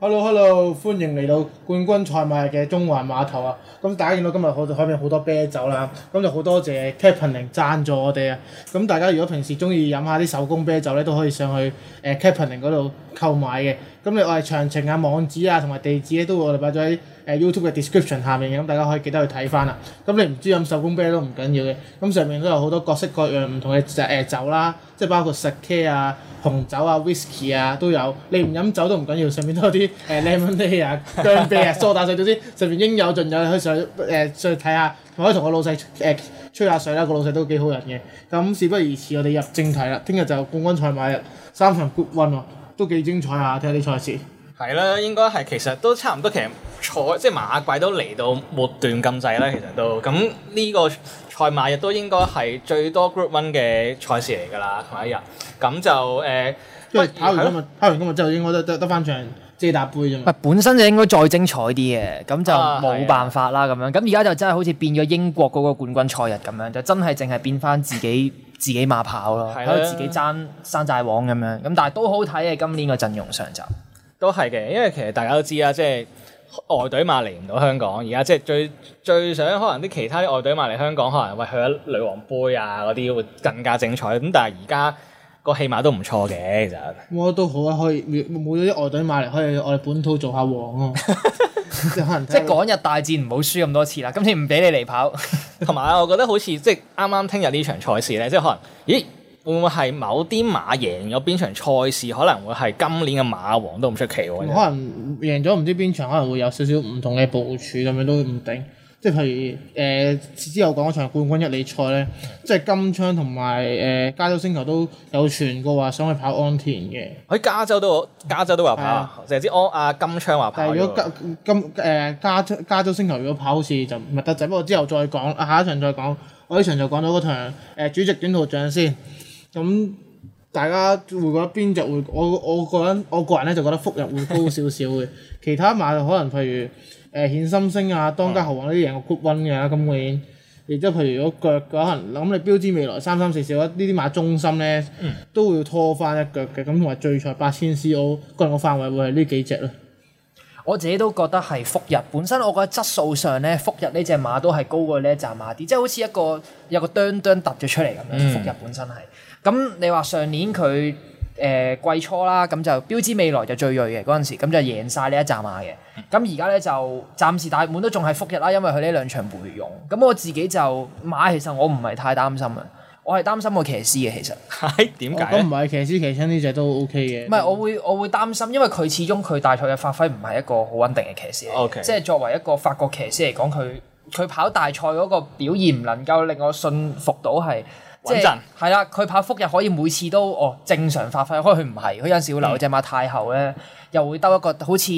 Hello，Hello，hello. 歡迎嚟到冠軍賽馬嘅中環碼頭啊！咁、嗯、大家見到今日我哋海邊好多啤酒啦，咁、嗯、就好多謝 Captaining 贊助我哋啊！咁、嗯、大家如果平時中意飲下啲手工啤酒咧，都可以上去誒 Captaining 嗰度購買嘅。咁你話係詳情啊網址啊同埋地址咧、啊、都我哋擺咗喺誒 YouTube 嘅 description 下面嘅，咁大家可以記得去睇翻啦。咁你唔知飲手、嗯、工啤都唔緊要嘅，咁、嗯、上面都有好多各式各樣唔同嘅誒、呃、酒啦，即係包括 sake 啊、紅酒啊、whisky 啊都有。你唔飲酒都唔緊要，上面都有啲誒、呃、lemonade 啊、薑啤啊、梳打水，總之上面應有盡有，去呃、上去可以上誒再睇下，可以同個老細吹下水啦。個老細都幾好人嘅。咁、嗯、事不宜遲，我哋入正題啦。聽日就冠軍賽馬日，三場 Group One 喎。都幾精彩啊！睇下啲賽事，係啦，應該係其實都差唔多，其實賽即係馬季都嚟到末段咁滯啦，其實都咁呢個賽馬亦都應該係最多 group one 嘅賽事嚟㗎啦，同一日咁就誒，因為跑完今日，跑的完今日之後應該都得得,得翻場。四本身就應該再精彩啲嘅，咁就冇辦法啦咁樣。咁而家就真係好似變咗英國嗰個冠軍賽日咁樣，就真係淨係變翻自己 自己馬跑咯，可以的自己爭山寨王咁樣。咁但係都好睇嘅，今年個陣容上就都係嘅，因為其實大家都知啊，即係外隊馬嚟唔到香港，而家即係最最想可能啲其他啲外隊馬嚟香港，可能喂去咗女王杯啊嗰啲會更加精彩。咁但係而家。個戲碼都唔錯嘅，其實。我、哦、都好啊，可以冇咗啲外隊馬嚟，可以我哋本土做下王啊！ 即係可能即係港日大戰唔好輸咁多次啦。今次唔俾你嚟跑，同 埋我覺得好似即係啱啱聽日呢場賽事咧，即係可能咦會唔會係某啲馬贏咗邊場賽事，可能會係今年嘅馬王都唔出奇喎、啊。可能贏咗唔知邊場，可能會有少少唔同嘅部署咁樣都唔定。即係譬如誒、呃、之後講嗰場冠軍一哩賽咧，即係金槍同埋誒加州星球都有傳過話想去跑安田嘅。喺加州都，加州都話跑。成日的知阿金槍話跑、那個。但如果金金、呃、加州加州星球如果跑，好似就唔係得滯。不過之後再講，啊、下一場再講。我呢場就講到嗰場、呃、主席短途獎先。咁大家會覺得邊隻會？我我個人我個人咧就覺得福逸會高少少嘅。 其他馬就可能譬如。誒顯、呃、心星啊，當家豪王呢啲贏個骨温嘅，咁年，然之後譬如如果腳嘅可能，咁你標知未來三三四四，呢啲馬中心咧，都會拖翻一腳嘅，咁同埋最菜八千 CO，個人個範圍會係呢幾隻咯。我自己都覺得係福日，本身我覺得質素上咧，福日呢隻馬都係高過呢一隻馬啲，即、就、係、是、好似一個有一個哚哚凸咗出嚟咁樣。嗯、福日本身係，咁你話上年佢。誒、呃、季初啦，咁就標誌未來就最鋭嘅嗰陣時，咁就贏晒呢一站馬嘅。咁而家咧就暫時大滿都仲係復日啦，因為佢呢兩場備用。咁我自己就買，其實我唔係太擔心啊，我係擔心個騎師嘅其實。點解？ 我唔係騎師，騎親呢隻都 OK 嘅。唔係，我會我會擔心，因為佢始終佢大賽嘅發揮唔係一個好穩定嘅騎師。Okay. 即係作為一個法國騎師嚟講，佢佢跑大賽嗰個表現唔能夠令我信服到係。即係啦，佢跑 複，又可以每次都哦正常發揮，可能佢唔係，佢有時會留隻馬太後咧，又會兜一個好似。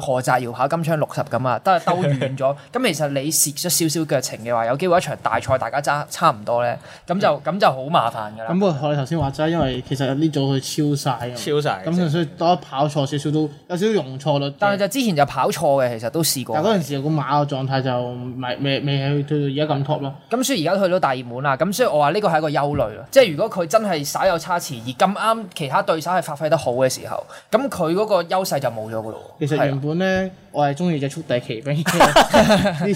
何澤搖跑金槍六十咁啊，都兜遠咗。咁 其實你蝕咗少少腳程嘅話，有機會一場大賽大家爭差唔多咧。咁就咁、嗯、就好麻煩㗎啦。咁不過我頭先話齋，因為其實呢組佢超晒啊，超晒。咁所以當跑錯少少都有少少容錯率。嗯、但係就之前就跑錯嘅，其實都試過。但係嗰陣時有個馬嘅狀態就未未未去到而家咁 top 咯。咁對所以而家去到大熱門啦。咁所以我話呢個係一個憂慮啊。嗯、即係如果佢真係稍有差池，而咁啱其他對手係發揮得好嘅時候，咁佢嗰個優勢就冇咗㗎咯。本咧，我係中意隻速遞奇兵呢 場。你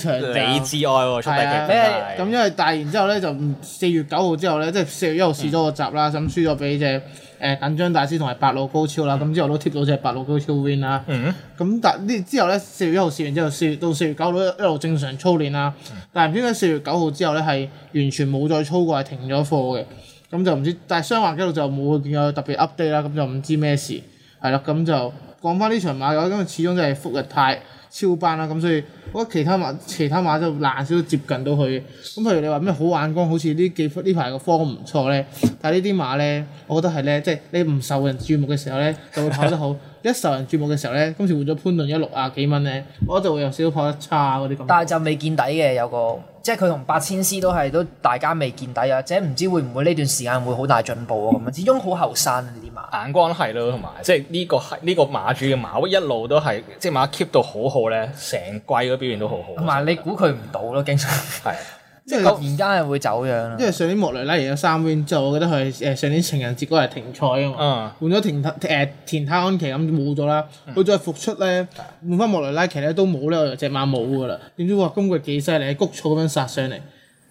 之外喎、啊，咁因為大係然之後咧就唔，四月九號之後咧，即係四月一號試咗個集啦，咁輸咗俾隻誒緊張大師同埋白鹿高超啦。咁、嗯、之後都貼到隻白鹿高超 win 啦、嗯。咁但呢之後咧，四月一號試完之後，四月到四月九號一路正常操練啦、嗯。但係唔知點解四月九號之後咧係完全冇再操過，係停咗課嘅。咁就唔知，但係雙環一路就冇見有特別 update 啦。咁就唔知咩事係啦。咁就。講翻呢場馬嘅話，因為始終就係福日態超班啦，咁、嗯、所以我覺得其他馬其他馬就難少接近到佢。咁譬如你話咩好眼光，好似呢幾呢排個科唔錯咧，但係呢啲馬咧，我覺得係咧，即、就、係、是、你唔受人注目嘅時候咧，就會跑得好； 一受人注目嘅時候咧，今次換咗潘頓一六啊幾蚊咧，我覺得就會有少少跑得差嗰啲咁。但係就未見底嘅有個，即係佢同八千絲都係都大家未見底，啊，即係唔知會唔會呢段時間會好大進步咁啊，始終好後生。眼光係咯，同埋即係呢個係呢個馬主嘅馬一，一路都係即係馬 keep 到好好咧，成季嘅表現都好好。同埋你估佢唔到咯，經常係 的即係突然間係會走樣。因為上年莫雷拉贏咗三冠之後，我覺得佢誒上年情人節嗰日停賽啊嘛，嗯、換咗田泰誒田泰安騎咁冇咗啦。佢、嗯、再復出咧，換翻莫雷拉騎咧都冇咧，隻馬冇㗎啦。點知話今季幾犀利，谷草咁樣殺上嚟。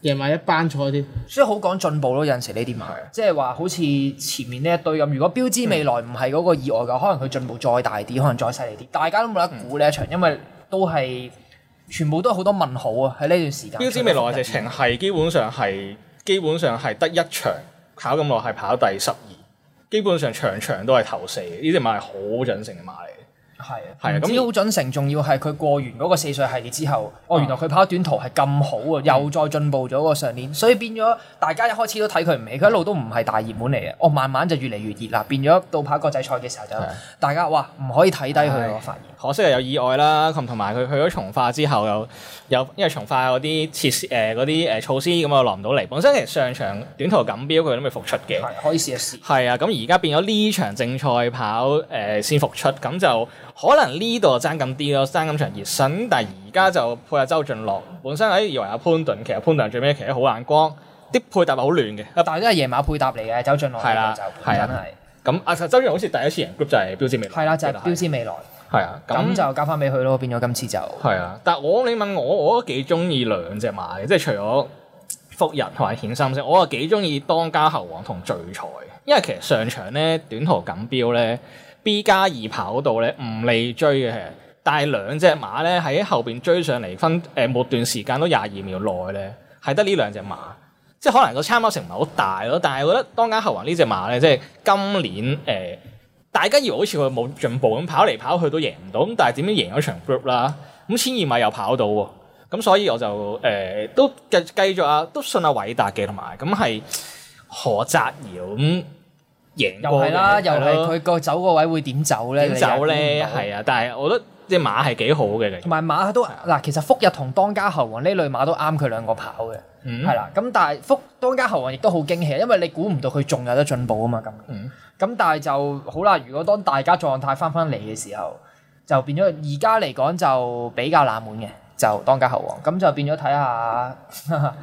贏埋一班菜啲，所以好講進步咯。有陣時呢啲馬，即係話好似前面呢一堆咁。如果標知未來唔係嗰個意外嘅，嗯、可能佢進步再大啲，可能再犀利啲。大家都冇得估呢一場，嗯、因為都係全部都係好多問號啊！喺呢段時間，標知未來嘅直情係基本上係基本上係得一場考咁耐，係跑，跑第十二。基本上場場都係頭四，呢啲馬係好準成嘅馬嚟。係啊，係啊，咁啲好準成，仲要係佢過完嗰個四歲系列之後，啊、哦，原來佢跑短途係咁好啊，又再進步咗個上年，所以變咗大家一開始都睇佢唔起，佢一路都唔係大熱門嚟嘅，哦，慢慢就越嚟越熱啦，變咗到跑國際賽嘅時候就大家的哇，唔可以睇低佢啊，的我發現。可惜係有意外啦，同同埋佢去咗從化之後，又又因為從化嗰啲設施，嗰啲誒措施，咁啊落唔到嚟。本身其實上場短途錦標佢都未復出嘅，係可以試一試。係啊，咁而家變咗呢場正賽跑誒先復出，咁就可能呢度爭咁啲咯，爭咁長熱身。但係而家就配下周俊樂，本身誒以為阿潘頓，其實潘頓最尾其實好眼光，啲配搭好亂嘅。但係都係夜馬配搭嚟嘅，周俊樂係啦，係啊，真係。咁阿周俊樂好似第一次入 group 就係標誌未來，係啦，就係標誌未來。係啊，咁就交翻俾佢咯，變咗今次就係啊！但係我，你問我，我都幾中意兩隻馬嘅，即係除咗復日同埋顯心星，我又幾中意當家猴王同聚財。因為其實上場咧，短途錦標咧，B 加二跑道咧，唔利追嘅，但係兩隻馬咧喺後邊追上嚟分，誒、呃，末段時間都廿二秒內咧，係得呢兩隻馬，即係可能個參考多成唔係好大咯。但係我覺得當家猴王呢隻馬咧，即係今年誒。呃大家以為好似佢冇進步咁，跑嚟跑去都贏唔到咁，但係點樣贏咗場 group 啦？咁千二米又跑到喎，咁所以我就誒、呃、都繼繼續啊，都信阿偉達嘅同埋，咁係何澤堯咁贏。又係啦，了又係佢個走個位會點走咧？點走咧？係啊，但係我覺得。隻馬係幾好嘅，同埋馬都嗱，的其實福日同當家猴王呢類馬都啱佢兩個跑嘅，係啦、嗯。咁但係福當家猴王亦都好驚喜，因為你估唔到佢仲有得進步啊嘛。咁咁但係就好啦。如果當大家狀態翻翻嚟嘅時候，就變咗而家嚟講就比較冷門嘅，就當家猴王咁就變咗睇下。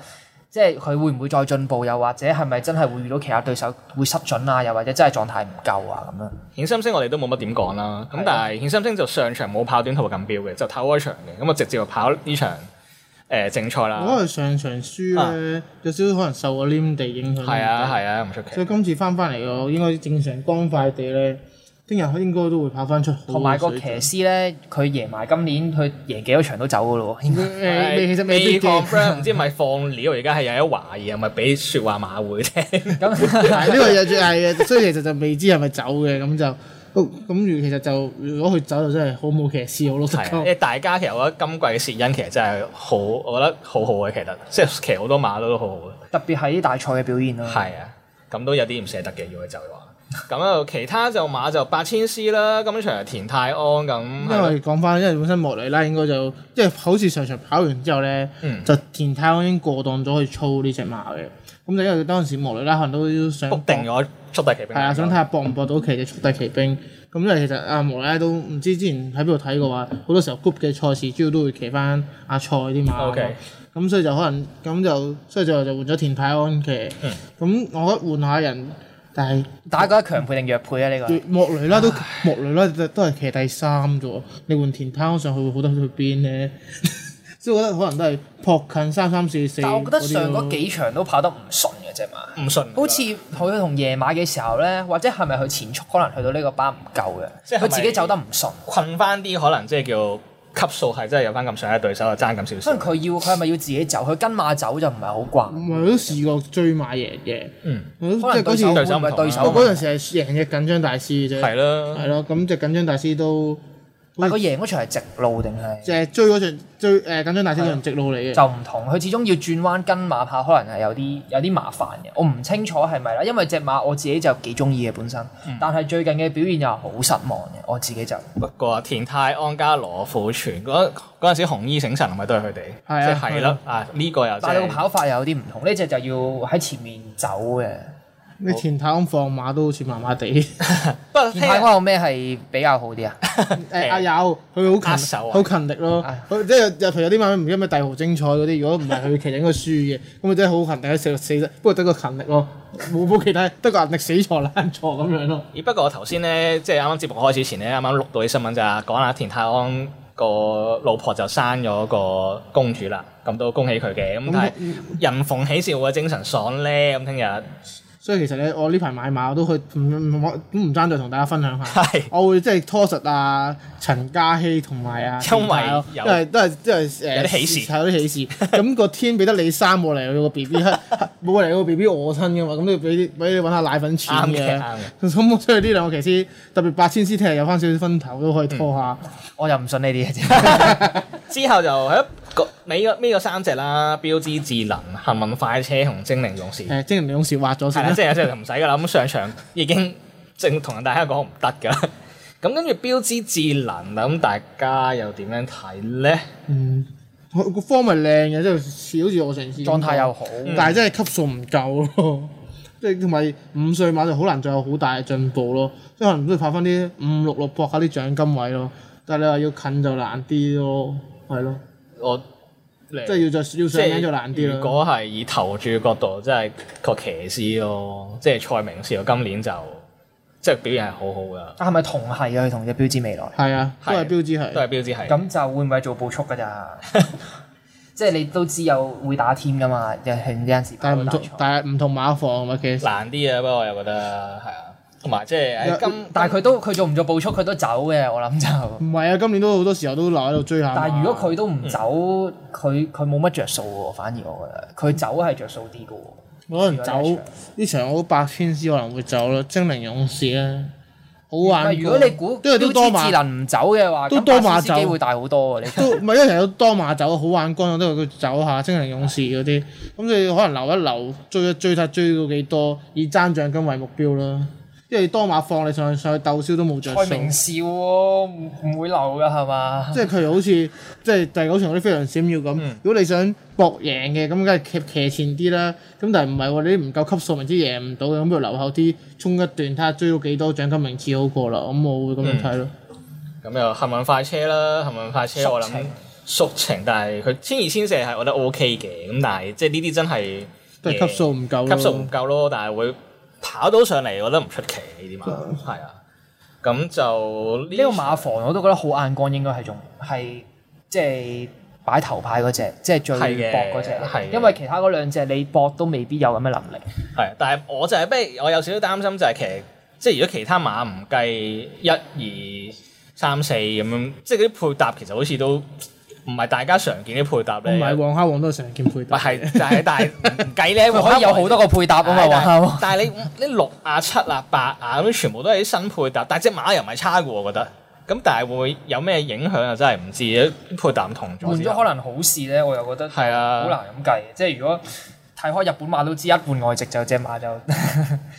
即係佢會唔會再進步，又或者係咪真係會遇到其他對手會失準啊？又或者真係狀態唔夠啊？咁樣。顯心星我哋都冇乜點講啦。咁、嗯、但係顯心星就上場冇跑短途錦標嘅，就跑開場嘅。咁啊直接就跑呢場誒正賽啦。可能上場輸咧，啊、有少少可能受個黏地影響。係啊係啊，唔出、啊啊、奇。所以今次翻翻嚟嘅，應該正常光快地咧。聽日應該都會拍翻出，同埋個騎師咧，佢贏埋今年佢贏幾多場都走噶咯喎。嗯呃、其實未必未 confirm，唔 知係咪放料，而家係有啲懷疑，係咪俾説話馬會啫 咁呢個又係嘅，所以其實就未知係咪走嘅咁就，咁、 哦、如其實就如果佢走就真係好冇騎師，我覺得、啊。大家其實我覺得今季嘅薛恩其實真係好，我覺得好好嘅，其實即係騎好多馬都,都好好嘅，特別係啲大賽嘅表現咯。係啊，咁都有啲唔捨得嘅，如果走嘅話。咁啊， 其他就馬就八千絲啦，咁今場田泰安咁。因為講翻，因為本身莫雷拉應該就，即係好似上場跑完之後咧，嗯、就田泰安已經過檔咗去操呢隻馬嘅。咁就因為當時莫雷拉可能都想博定咗速遞奇兵。係啊，想睇下搏唔搏到騎嘅速遞奇兵。咁因為其實阿莫雷拉都唔知之前喺邊度睇過話，好多時候 group 嘅賽事主要都會騎翻阿賽啲馬嘅。咁、啊 okay、所以就可能咁就，所以就就換咗田泰安騎。咁、嗯、我覺得換一下人。但係打嗰個強配定弱配啊？呢個莫雷拉，都莫雷拉都唉 雷拉都係騎第三啫唉 你換田泰安上去會好得去邊咧？即 係我覺得可能都係撲近三三四四。但我覺得上嗰幾場都跑得唔順嘅啫嘛，唔順。順好似佢同夜馬嘅時候咧，或者係咪佢前速可能去到呢個班唔夠嘅，即佢自己走得唔順，困翻啲可能即係叫。級數係真係有翻咁上一對手，就爭咁少少。可能佢要，佢係咪要自己走？佢跟馬走就唔係好慣。唔係，我 都試過追馬贏嘅。嗯，可能嗰時對手唔係對手。我嗰陣時係贏嘅緊張大師啫。係囉了。係囉，咁隻緊張大師都。但，個贏嗰場係直路定係？就係追嗰場，追誒、呃、緊張大戰場的直路嚟嘅。就唔同，佢始終要轉彎跟馬跑，可能係有啲有啲麻煩嘅。我唔清楚係咪啦，因為隻馬我自己就幾中意嘅本身，嗯、但係最近嘅表現又係好失望嘅，我自己就。不過田泰安加羅富全嗰嗰陣時紅衣醒神咪都係佢哋，即係係咯啊呢、呢個又、就係。但係個跑法又有啲唔同，呢隻就要喺前面走嘅。咩好田太安放馬都好似麻麻地，不過聽講有咩係比較好啲、 哎、啊？誒阿友，佢好勤手，啊，好勤力咯。 即係入場有啲萬五，唔知咩帝豪精彩嗰啲，如果唔係佢其實應該輸嘅，咁咪真係好勤力。死死死，不過得個勤力咯，冇冇其他， 得個勤力死錯爛錯咁樣咯。咦？不過我頭先咧，即係啱啱節目開始前咧，啱啱錄到啲新聞咋，講下田太安個老婆就生咗個公主啦，咁都恭喜佢嘅。咁但係人逢喜事會精神爽咧。咁聽日。所以其實咧，我呢排買馬我都去唔唔我都唔爭在同大家分享下，我會即係拖實啊陳嘉熙同埋啊因為因為都係都係誒有啲喜事，有啲喜事。咁個天俾得你生過嚟個 B B 冇過嚟個 B B 餓親嘅嘛，咁都要俾俾你揾下奶粉錢嘅。咁所以呢兩個騎師，特別八千師踢有翻少少分頭都可以拖下。worry 嗯、我又唔信呢啲嘅之後就喺。 美呢呢個三隻啦，標誌智能、幸運快車同精靈勇士。誒，精靈勇士挖咗先啦，即係即係唔使㗎啦。咁上場已經正同大家講唔得㗎。咁 跟住標誌智能，咁大家又點樣睇咧？嗯，個方咪靚嘅，即係少住我成次狀態又好，嗯、但係真係級數唔夠咯。即係同埋五歲馬就好難再有好大嘅進步咯。即係可能都係拍翻啲五六六搏下啲獎金位咯。但係你話要近就難啲咯，係咯。我即係要再要上，要難啲咯。如果係以投注角度，即係個騎師咯，即係蔡明紹今年就即係表現係好好噶。啊，係咪同係啊？佢同隻標誌未來係啊，都係標誌係，啊、都係標誌係。咁就會唔會做步速噶咋？ 即係你都知有會打添噶嘛？又係呢陣時，但係唔同，但係唔同馬房咪其實難啲啊！不過我又覺得係啊。同埋即係今，但係佢都佢做唔做步速，佢都走嘅。我諗就唔係啊，今年都好多時候都留喺度追下。但係如果佢都唔走，佢佢冇乜着數喎。反而我覺得佢走係着數啲嘅喎。可能走呢場好百千師可能會走咯，精靈勇士咧好玩。如果你估都，都多馬唔走嘅話，多都多馬走機會大好多喎。你都唔係一場有多馬走，好玩光有都佢走下精靈勇士嗰啲。咁你對 可能留一留追一追，睇追到幾多以爭獎金為目標啦。即係多馬放你上去上去鬥少都冇著數。開明少喎、哦，唔唔會漏嘅係嘛？即係佢好似即係第九場嗰啲非常閃耀咁。嗯、如果你想搏贏嘅，咁梗係騎前啲啦。咁但係唔係喎，你唔夠級數，明知贏唔到嘅，咁不如留後啲，衝一段睇下追到幾多獎金名次好過啦。咁我會咁樣睇咯。咁又幸運快車啦，幸運快車我。我諗速情，速情，但係佢千二千四係我覺得 OK 嘅。咁但係即係呢啲真係、嗯嗯、級數唔夠，級數唔夠咯，但係會。跑到上嚟，我覺得唔出奇呢啲馬，係啊，咁就呢個馬房我都覺得好眼光應該，應該係仲係即係擺頭牌嗰隻，即係最搏嗰隻。係，因為其他嗰兩隻你搏都未必有咁嘅能力。係，但係我就係不如我有少少擔心就係其實即係如果其他馬唔計一二三四咁樣，即係嗰啲配搭其實好似都。唔係大家常見啲配搭咧，唔係黃卡黃都常見配搭，唔係就喺大唔計咧，可以有好多個配搭啊嘛，但係你呢六啊七啊八啊咁全部都係啲新配搭，但隻馬又唔係差嘅，我覺得咁但係會有咩影響啊？真係唔知配搭唔同咗，換咗可能好事咧，我又覺得係是啊，好難咁計即係如果。睇開日本馬都知，一換外籍就隻馬就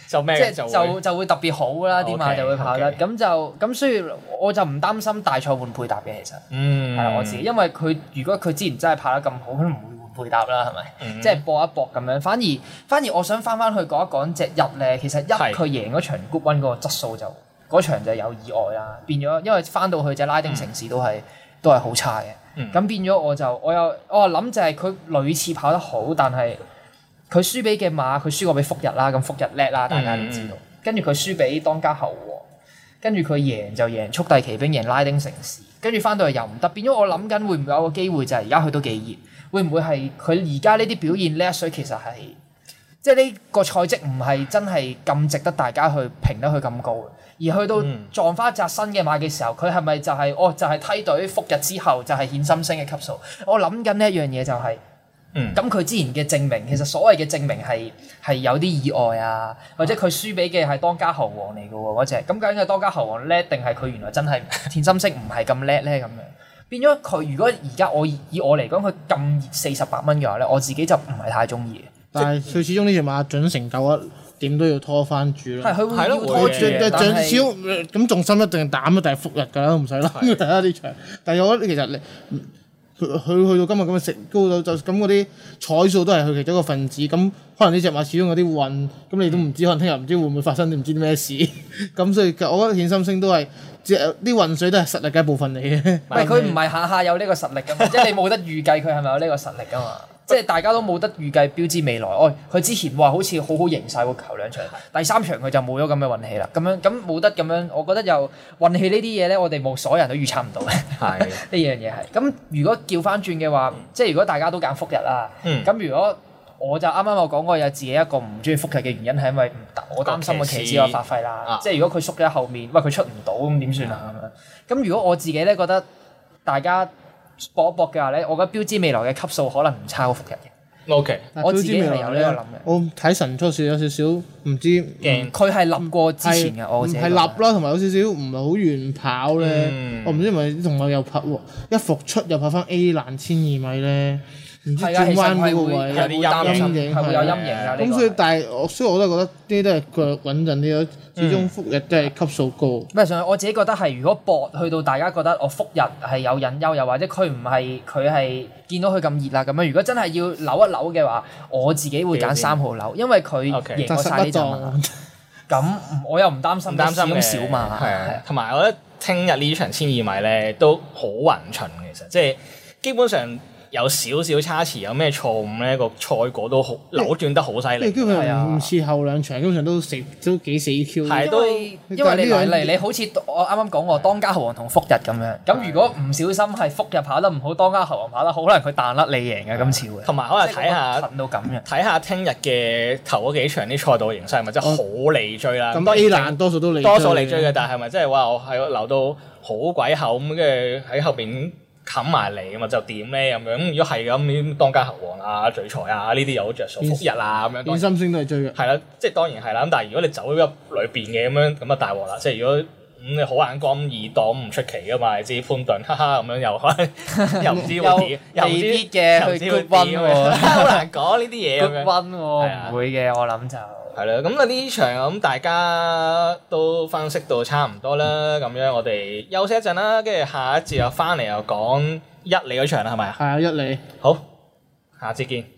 就咩 就就，就會特別好啦，啲馬 Okay, okay. 就會跑得。咁就咁，所以我就唔擔心大賽換配搭嘅，其實嗯，係啦、mm hmm.，我自己，因為佢如果佢之前真係拍得咁好，佢唔會換配搭啦，係咪？即係搏一搏咁樣。反而反而，我想翻翻去講一講隻一咧。其實一佢贏嗰場 Goodwin 嗰個質素就嗰場就有意外啦。變咗，因為翻到去隻拉丁城市都係、mm hmm. 都係好差嘅。嗯、mm，咁、hmm. 變咗我就我又我諗就係佢屢次跑得好，但係。佢輸俾嘅馬，佢輸過俾福日啦，咁福日叻啦，大家都知道。嗯、跟住佢輸俾當家猴王，跟住佢贏就贏速遞奇兵，贏拉丁城市。跟住翻到嚟又唔得變咗。我諗緊會唔會有個機會就係而家去到幾熱，會唔會係佢而家呢啲表現叻水，其實係即係呢個賽績唔係真係咁值得大家去評得佢咁高。而去到撞翻一隻新嘅馬嘅時候，佢係咪就係、是、哦就係、是、梯隊福日之後就係顯心星嘅級數？我諗緊呢一樣嘢就係、是。咁佢、嗯、之前嘅證明，其實所謂嘅證明係係有啲意外啊，或者佢輸俾嘅係當家猴王嚟嘅喎嗰隻，咁究竟係當家猴王叻定係佢原來真係填心色唔係咁叻咧咁樣？變咗佢如果而家我以我嚟講，佢咁熱四十八蚊嘅話咧，我自己就唔係太中意但係佢、嗯、始,始終呢隻馬準成夠啊，點都要拖翻住咯。係佢、嗯、會,會拖住嘅。最少咁重心一定係膽啊，定係復日㗎啦，唔使諗。第一呢場，對 但係我覺得其實你。佢去到今日咁嘅成高到就咁嗰啲彩數都係佢其中一個分子，咁可能呢隻馬始終有啲運，咁你都唔知，嗯、可能聽日唔知會唔會發生，啲唔知咩事。咁所以我覺得顯身星都係即係啲運水都係實力嘅一部分嚟嘅。唔係，佢唔係下下有呢個實力㗎嘛，即係 你冇得預計佢係咪有呢個實力㗎嘛。 即係大家都冇得預計標誌未來。哦，佢之前話好似好好贏晒個球兩場，第三場佢就冇咗咁嘅運氣啦。咁樣咁冇得咁樣，我覺得又運氣呢啲嘢咧，我哋冇所有人都預測唔到嘅。係呢是的 樣嘢係。咁如果叫翻轉嘅話，嗯、即係如果大家都揀福日啦，咁、嗯、如果我就啱啱我講過有自己一個唔中意福日嘅原因，係因為唔我擔心個騎師有發揮啦。啊、即係如果佢縮咗喺後面，喂、哎、佢出唔到咁點算啊？咁樣咁如果我自己咧覺得大家。搏一搏嘅話咧，我覺得標知未來嘅級數可能唔差過復日嘅。O Okay . K，我自己係有呢個諗嘅。我睇神速少有少少唔知。佢、嗯、係立過之前嘅，嗯、我唔係立啦，同埋有少少唔係好遠跑咧。嗯、我唔知係咪同我又拍喎，一復出又拍返 A 欄千二米咧。唔知，轉彎嗰位有陰影，係有陰影嘅。咁所以，但係我，所以我都覺得啲都係腳穩陣啲咯。始終復日都係級數高、嗯。咩、啊高？上我自己覺得係，如果博去到大家覺得我復日係有隱憂，又或者佢唔係佢係見到佢咁熱啦咁樣。如果真係要扭一扭嘅話，我自己會揀三號樓，因為佢贏咗曬呢陣。咁、嗯啊嗯嗯、我又唔擔心小小，擔心少嘛。係啊，啊。同埋我覺得聽日呢場千二米咧都好勻循，其實即係基本上。有少少差池，有咩錯誤咧？個賽果都好扭轉得好犀利，通常唔似後兩場，通常都都幾死 Q。係都因為你嚟嚟，你好似我啱啱講過，當家猴王同福日咁樣。咁如果唔小心係福日跑得唔好，當家猴王跑得好，可能佢彈甩你贏嘅今次會。同埋可能睇下，到睇下聽日嘅頭嗰幾場啲賽道嘅形勢，係咪真係好利追啦。咁多 A 多數都多數利追嘅，但係咪真係話我係留到好鬼厚咁跟住喺後邊？冚埋嚟啊嘛，就點咧咁樣？如果係咁，當家侯王啊、聚財啊呢啲有着著數。復面日啊咁樣。啲心聲都係最。係啦，即係當然係啦。咁但係如果你走入裏邊嘅咁樣，咁 啊大鑊啦！即係如果咁你好眼光咁易擋，唔出奇噶嘛。之寬盾哈哈咁樣又開，又唔知點，又唔知嘅去焗温喎。好難講呢啲嘢焗温喎。唔會嘅，我諗就。係啦，咁啊呢場咁大家都分析到差唔多啦，咁樣我哋休息一陣啦，跟住下一節又翻嚟又講一哩嗰場啦，係咪啊？係啊，一哩。好，下次見。